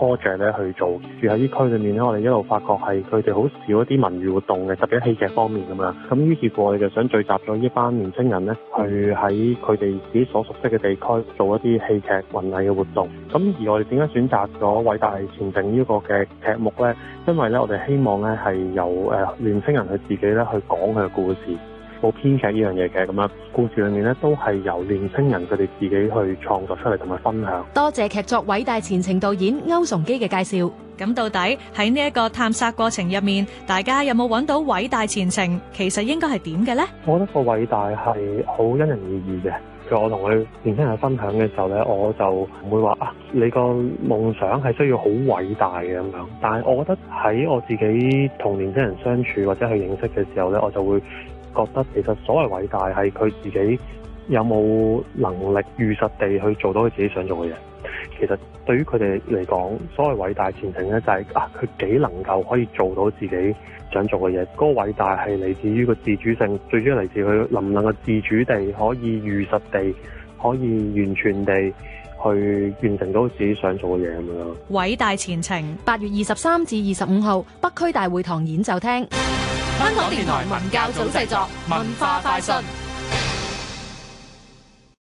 project 咧去做，住喺呢區裏面咧，我哋一路發覺係佢哋好少一啲文娛活動嘅，特別喺戲劇方面咁樣。咁於是乎，我哋就想聚集咗呢班年青人咧，去喺佢哋自己所熟悉嘅地區做一啲戲劇、文藝嘅活動。咁而我哋點解選擇咗《偉大前程》這個、呢個嘅劇目咧？因為咧，我哋希望咧係由誒年青人佢自己咧去講佢嘅故事。冇編劇呢樣嘢嘅咁啊，故事裏面咧都係由年輕人佢哋自己去創作出嚟同埋分享。多謝劇作偉大前程導演歐崇基嘅介紹。咁到底喺呢一個探索過程入面，大家有冇揾到偉大前程？其實應該係點嘅咧？我覺得個偉大係好因人而異嘅。譬如，我同佢年輕人分享嘅時候咧，我就唔會話啊，你個夢想係需要好偉大嘅咁樣。但係我覺得喺我自己同年輕人相處或者去認識嘅時候咧，我就會。覺得其實所謂偉大係佢自己有冇能力預實地去做到佢自己想做嘅嘢。其實對於佢哋嚟講，所謂偉大前程咧，就係啊，佢幾能夠可以做到自己想做嘅嘢。嗰、那個偉大係嚟自於個自主性，最主要嚟自佢能唔能夠自主地可以預實地可以完全地去完成到自己想做嘅嘢咁樣。偉大前程，八月二十三至二十五號，北區大會堂演奏廳。香港電台文教組製作，文化快訊。